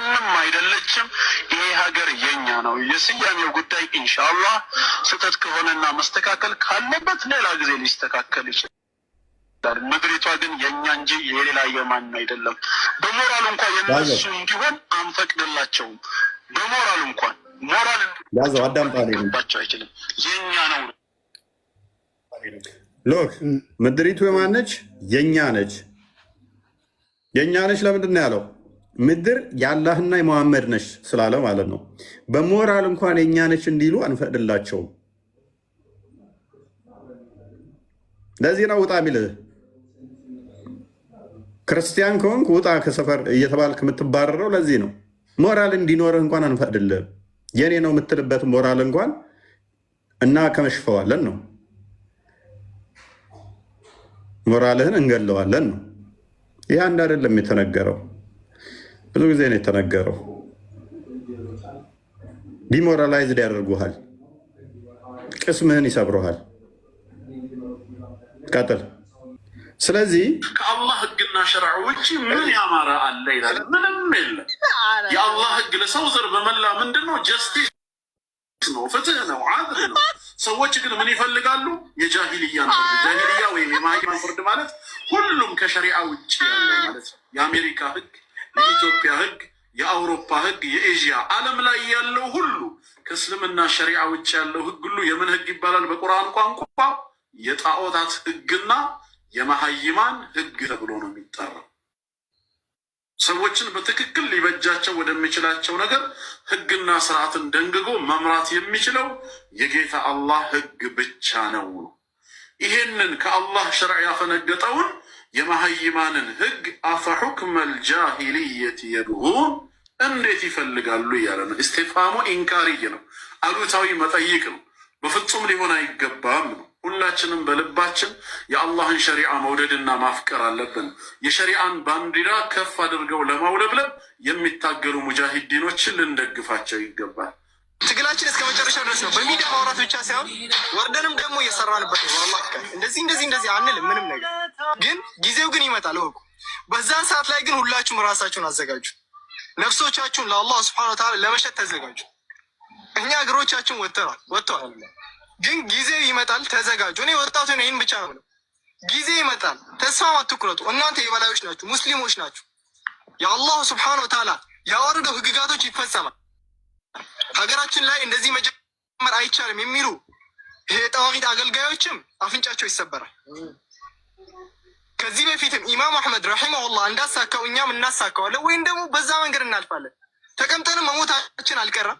የማንም አይደለችም። ይሄ ሀገር የኛ ነው። የስያሜው ጉዳይ ኢንሻአላህ ስህተት ከሆነና መስተካከል ካለበት ሌላ ጊዜ ሊስተካከል ይችላል። ምድሪቷ ግን የእኛ እንጂ የሌላ የማን አይደለም። በሞራል እንኳን የነሱ እንዲሆን አንፈቅድላቸውም። በሞራል እንኳን ሞራል ያዘው አዳምጣባቸው አይችልም። የእኛ ነው። ሎክ ምድሪቱ የማን ነች? የእኛ ነች። የእኛ ነች ለምንድን ነው ያለው? ምድር የአላህና የመሐመድ ነች ስላለ ማለት ነው። በሞራል እንኳን የእኛ ነች እንዲሉ አንፈቅድላቸውም። ለዚህ ነው ውጣ ቢልህ ክርስቲያን ከሆንክ ውጣ ከሰፈር እየተባልክ የምትባረረው ለዚህ ነው። ሞራል እንዲኖርህ እንኳን አንፈቅድልህም። የኔ ነው የምትልበት ሞራል እንኳን እና ከመሽፈዋለን ነው ሞራልህን እንገለዋለን ነው። ይህ አንድ አይደለም የተነገረው ብዙ ጊዜ ነው የተነገረው። ዲሞራላይዝድ ያደርጉሃል፣ ቅስምህን ይሰብረሃል። ቀጥል። ስለዚህ ከአላህ ህግና ሸርዕ ውጭ ምን ያማረ አለ ይላል? ምንም የለም። የአላህ ህግ ለሰው ዘር በመላ ምንድን ነው? ጀስቲስ ነው፣ ፍትህ ነው፣ አድል ነው። ሰዎች ግን ምን ይፈልጋሉ? የጃሂልያ ፍርድ። ጃሂልያ ወይም የማይማን ፍርድ ማለት ሁሉም ከሸሪዓ ውጭ ያለ ማለት ነው። የአሜሪካ ህግ የኢትዮጵያ ህግ፣ የአውሮፓ ህግ፣ የኤዥያ ዓለም ላይ ያለው ሁሉ ከእስልምና ሸሪዓ ውጭ ያለው ህግ ሁሉ የምን ህግ ይባላል? በቁርአን ቋንቋ የጣዖታት ህግና የመሀይማን ህግ ተብሎ ነው የሚጠራው። ሰዎችን በትክክል ሊበጃቸው ወደሚችላቸው ነገር ህግና ስርዓትን ደንግጎ መምራት የሚችለው የጌታ አላህ ህግ ብቻ ነው። ይሄንን ከአላህ ሸርዕ ያፈነገጠውን የመሀይማንን ህግ አፈሑክመል ልጃሂልየት የብሁን እንዴት ይፈልጋሉ እያለ ነው። እስቲፋሙ ኢንካሪይ ነው፣ አሉታዊ መጠይቅ ነው። በፍጹም ሊሆን አይገባም ነው። ሁላችንም በልባችን የአላህን ሸሪዓ መውደድና ማፍቀር አለብን። የሸሪዓን ባንዲራ ከፍ አድርገው ለማውለብለብ የሚታገሉ ሙጃሂዲኖችን ልንደግፋቸው ይገባል። ትግላችን እስከ መጨረሻ ድረስ ነው። በሚዲያ ማውራት ብቻ ሳይሆን ወርደንም ደግሞ እየሰራንበት ነው። ወላ እንደዚህ እንደዚህ እንደዚህ አንልም ምንም ነገር፣ ግን ጊዜው ግን ይመጣል። ወቁ በዛን ሰዓት ላይ ግን ሁላችሁም ራሳችሁን አዘጋጁ። ነፍሶቻችሁን ለአላህ ስብሐነሁ ወተዓላ ለመሸጥ ተዘጋጁ። እኛ እግሮቻችን ወጥተዋል ወጥተዋል፣ ግን ጊዜው ይመጣል። ተዘጋጁ። እኔ ወጣቱ ይህን ብቻ ነው። ጊዜ ይመጣል። ተስፋ አትቁረጡ። እናንተ የበላዮች ናችሁ፣ ሙስሊሞች ናችሁ። የአላህ ስብሐነሁ ወተዓላ ያወረደው ህግጋቶች ይፈጸማል። ሀገራችን ላይ እንደዚህ መጀመር አይቻልም የሚሉ የጣዋቂት አገልጋዮችም አፍንጫቸው ይሰበራል። ከዚህ በፊትም ኢማም አሕመድ ረሒማሁላህ እንዳሳካው እኛም እናሳካዋለን ወይም ደግሞ በዛ መንገድ እናልፋለን። ተቀምጠንም መሞታችን አልቀረም።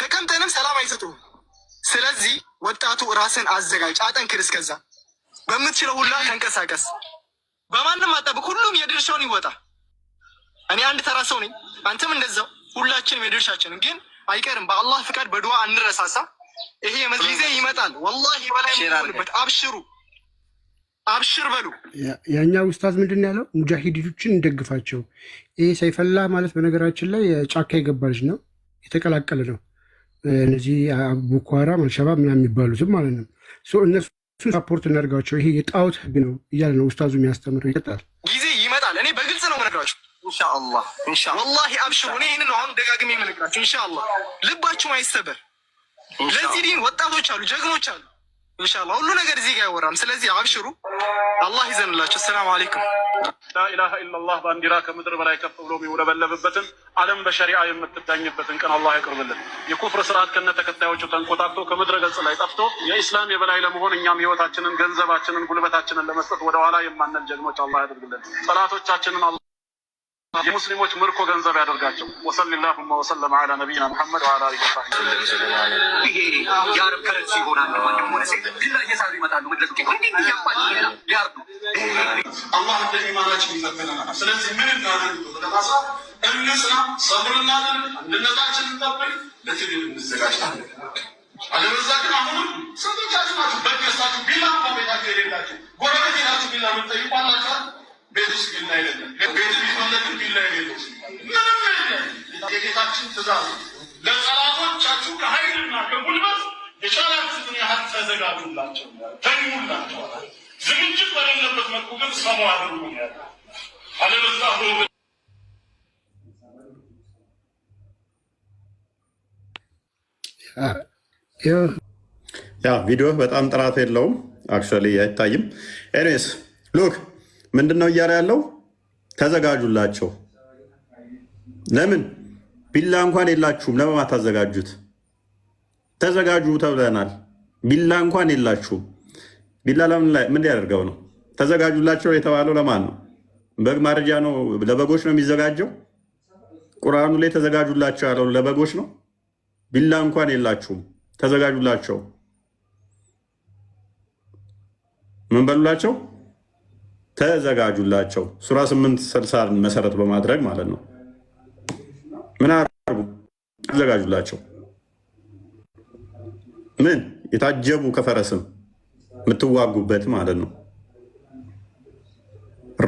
ተቀምጠንም ሰላም አይሰጡም። ስለዚህ ወጣቱ ራስን አዘጋጅ፣ አጠንክር፣ እስከዛ በምትችለው ሁላ ተንቀሳቀስ። በማንም አጠብቅ፣ ሁሉም የድርሻውን ይወጣ። እኔ አንድ ተራ ሰው ነኝ፣ አንተም እንደዛው ሁላችንም የድርሻችንም ግን አይቀርም። በአላህ ፍቃድ በዱዓ አንረሳሳ። ይሄ ጊዜ ይመጣል። ወላሂ በላይ የምንሆንበት አብሽሩ አብሽር በሉ። ያኛ ውስታዝ ምንድን ያለው ሙጃሂዲዶችን እንደግፋቸው። ይሄ ሰይፈላ ማለት በነገራችን ላይ ጫካ የገባ ልጅ ነው፣ የተቀላቀለ ነው። እነዚህ ቦኮ ሐራም፣ አልሸባብ ምናምን የሚባሉትም ማለት ነው። እነሱን ሳፖርት እናደርጋቸው። ይሄ የጣዖት ህግ ነው እያለ ነው ውስታዙ የሚያስተምረው። ይቀጣል። ጊዜ ይመጣል። እኔ በግልጽ ነው የምነግራቸው ኢንሻአላህ ኢንሻአላህ ወላሂ አብሽሩ። እኔ ይሄንን አሁን ደጋግሜ የምነግራችሁ ኢንሻአላህ ልባችሁ አይሰበር። ለዚህ ዲን ወጣቶች አሉ፣ ጀግኖች አሉ። ኢንሻአላህ ሁሉ ነገር እዚህ ጋር አይወራም። ስለዚህ አብሽሩ፣ አላህ ይዘንላችሁ። ሰላም አለይኩም። ላኢላሃ ኢላላህ ባንዲራ ከምድር በላይ ከፍ ብሎ የሚውለበለብበትን ዓለም በሸሪዓ የምትዳኝበትን ቀን አላህ ያቅርብልን። የኩፍር ስርዓት ከነ ተከታዮቹ ተንቆጣጥቶ ከምድረ ገጽ ላይ ጠፍቶ የኢስላም የበላይ ለመሆን እኛም ህይወታችንን፣ ገንዘባችንን፣ ጉልበታችንን ለመስጠት ወደኋላ የማንል ጀግኖች አላህ ያደርግልን። ጠላቶቻችንን የሙስሊሞች ምርኮ ገንዘብ ያደርጋቸው። ወሰል ላሁማ ወሰለም ላ ነቢይና ሙሐመድ ላ ይሄ የአረብ ከረንሲ ይሆናል። ወንድም ሆነ ሴት ይመጣሉ። አላህ እንደ ኢማናችን ስለዚህ ምን እናደርግ? ሰብር እናደርግ፣ አንድነታችን እንጠብቅ፣ ለትግል እንዘጋጅ። አለበዛ ግን አሁንም ስንቶቻችሁ ናችሁ ቢላ በቤታችሁ የሌላችሁ ጎረቤት ሄዳችሁ ቢላ ምን ቤት ውስጥ ግን አይደለም። ቤት ቢመለክ ግን አይደለም። ምንም የጌታችን ትእዛዝ ከኃይልና ከጉልበት የቻላችሁትን ያህል ተዘጋጁላቸው፣ ተኙላቸው። ዝግጅት በሌለበት መልኩ ግን ሰሙ አድርጉ አለበዛ ያ ቪዲዮ በጣም ጥራት የለውም። አክቹዋሊ አይታይም። ኤኒዌይስ ሉክ ምንድን ነው እያለ ያለው? ተዘጋጁላቸው። ለምን ቢላ እንኳን የላችሁም? ለመማት አዘጋጁት። ተዘጋጁ ተብለናል። ቢላ እንኳን የላችሁም። ቢላ ምን ያደርገው ነው? ተዘጋጁላቸው የተባለው ለማን ነው? በግ ማረጃ ነው? ለበጎች ነው የሚዘጋጀው? ቁርአኑ ላይ ተዘጋጁላቸው ያለው ለበጎች ነው? ቢላ እንኳን የላችሁም፣ ተዘጋጁላቸው ምን በሉላቸው ተዘጋጁላቸው። ሱራ 8 መሰረት በማድረግ ማለት ነው። ምን አርጉ? ተዘጋጁላቸው። ምን የታጀቡ ከፈረስም የምትዋጉበት ማለት ነው።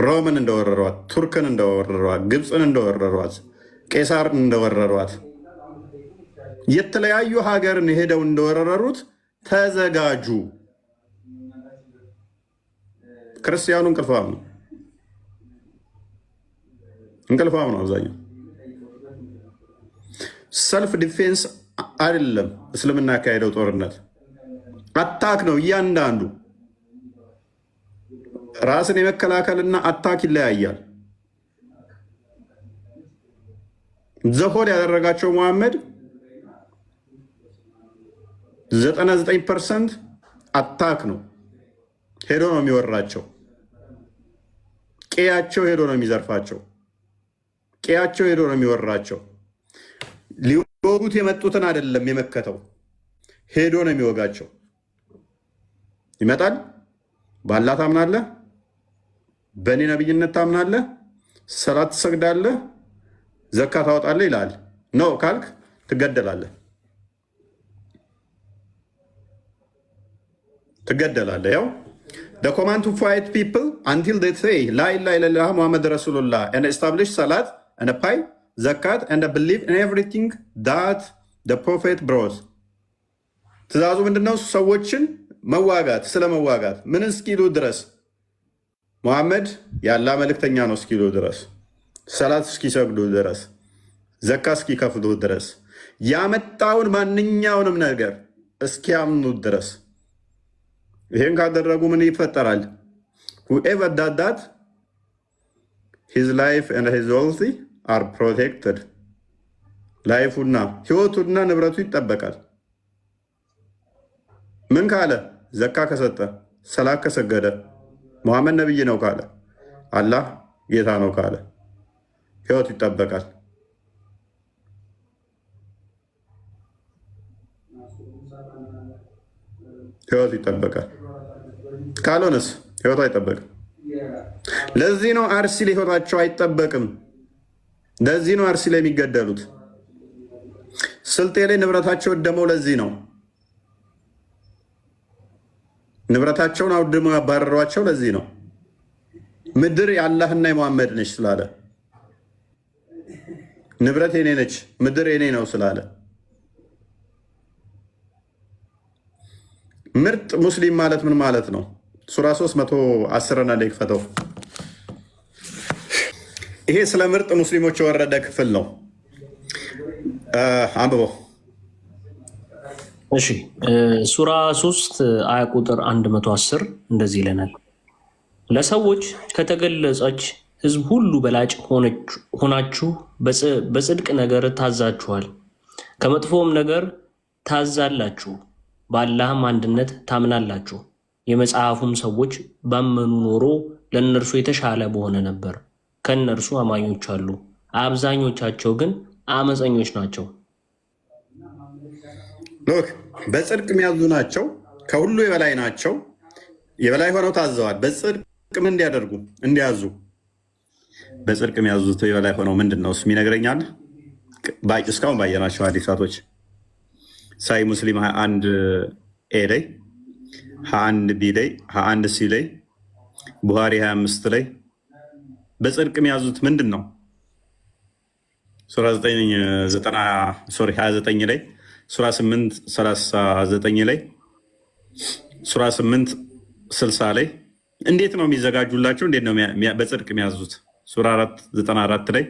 ሮምን እንደወረሯት፣ ቱርክን እንደወረሯት፣ ግብፅን እንደወረሯት፣ ቄሳርን እንደወረሯት የተለያዩ ሀገርን ሄደው እንደወረረሩት ተዘጋጁ። ክርስቲያኑ እንቅልፋም ነው፣ እንቅልፋም ነው። አብዛኛው ሰልፍ ዲፌንስ አይደለም። እስልምና ያካሄደው ጦርነት አታክ ነው። እያንዳንዱ ራስን የመከላከልና አታክ ይለያያል። ዘሆድ ያደረጋቸው መሐመድ 99 ፐርሰንት አታክ ነው። ሄዶ ነው የሚወራቸው። ቄያቸው ሄዶ ነው የሚዘርፋቸው። ቄያቸው ሄዶ ነው የሚወራቸው። ሊወጉት የመጡትን አይደለም የመከተው፣ ሄዶ ነው የሚወጋቸው። ይመጣል። ባላ ታምናለህ፣ በእኔ ነብይነት ታምናለህ፣ ሰላት ትሰግዳለህ፣ ዘካ ታወጣለህ ይላል። ነው ካልክ ትገደላለህ ትገደላለህ ያው ኮማንድ ቱ ፋይት ፒፕል አንቲል ዴይ ሴይ ላ ኢላሃ ኢለላህ ሙሐመድ ረሱሉላህ ኤንድ ኤስታብሊሽ ሰላት ኤንድ ፓይ ዘካት ኤንድ ብሊቭ ኢን ፕሮፌት ብሮዝ። ትእዛዙ ምንድነው? ሰዎችን መዋጋት ስለ መዋጋት ምን እስኪሉ ድረስ ሙሐመድ ያላ መልእክተኛ ነው እስኪሉ ድረስ ሰላት እስኪሰግዱ ድረስ ዘካ እስኪከፍሉ ድረስ ያመጣውን ማንኛውንም ነገር እስኪያምኑ ድረስ ይሄን ካደረጉ ምን ይፈጠራል? ሁኤቨር ዳዳት ሂዝ ላይፍ ን ሂዝ ወልቲ አር ፕሮቴክትድ። ላይፉና ህይወቱና ንብረቱ ይጠበቃል። ምን ካለ? ዘካ ከሰጠ፣ ሰላት ከሰገደ፣ መሐመድ ነብይ ነው ካለ፣ አላህ ጌታ ነው ካለ ህይወት ይጠበቃል። ይጠበቃል። ካልሆነስ ህይወቱ አይጠበቅም። ለዚህ ነው አርሲ ላይ ህይወታቸው አይጠበቅም። ለዚህ ነው አርሲ ላይ የሚገደሉት። ስልጤ ላይ ንብረታቸው ወደመው። ለዚህ ነው ንብረታቸውን አውድመው ያባረሯቸው። ለዚህ ነው ምድር የአላህና የመሐመድ ነች ስላለ ንብረት የኔ ነች ምድር የኔ ነው ስላለ ምርጥ ሙስሊም ማለት ምን ማለት ነው? ሱራ 310 ና ላይ ክፈተው። ይሄ ስለ ምርጥ ሙስሊሞች የወረደ ክፍል ነው። አንብበው። እሺ ሱራ 3 አያ ቁጥር 110 እንደዚህ ይለናል። ለሰዎች ከተገለጸች ህዝብ ሁሉ በላጭ ሆናችሁ በጽድቅ ነገር ታዛችኋል፣ ከመጥፎም ነገር ታዛላችሁ፣ በአላህም አንድነት ታምናላችሁ የመጽሐፉም ሰዎች ባመኑ ኖሮ ለእነርሱ የተሻለ በሆነ ነበር። ከእነርሱ አማኞች አሉ፣ አብዛኞቻቸው ግን አመፀኞች ናቸው። ሎክ በጽድቅ የሚያዙ ናቸው፣ ከሁሉ የበላይ ናቸው። የበላይ ሆነው ታዘዋል። በጽድቅም እንዲያደርጉ እንዲያዙ በጽድቅ የሚያዙት የበላይ ሆነው ምንድን ነው እሱም ይነግረኛል። እስካሁን ባየናቸው ሀዲሳቶች ሳይ ሙስሊም አንድ ኤደይ ሀአንድ ቢ ላይ ሀአንድ ሲ ላይ ቡሃሪ 25 ላይ በጽድቅ የሚያዙት ምንድን ነው? ሱራ 29 ላይ ሱራ 8 39 ላይ ሱራ 8 60 ላይ እንዴት ነው የሚዘጋጁላቸው? እንዴት ነው በጽድቅ የሚያዙት? ሱራ 4 94 ላይ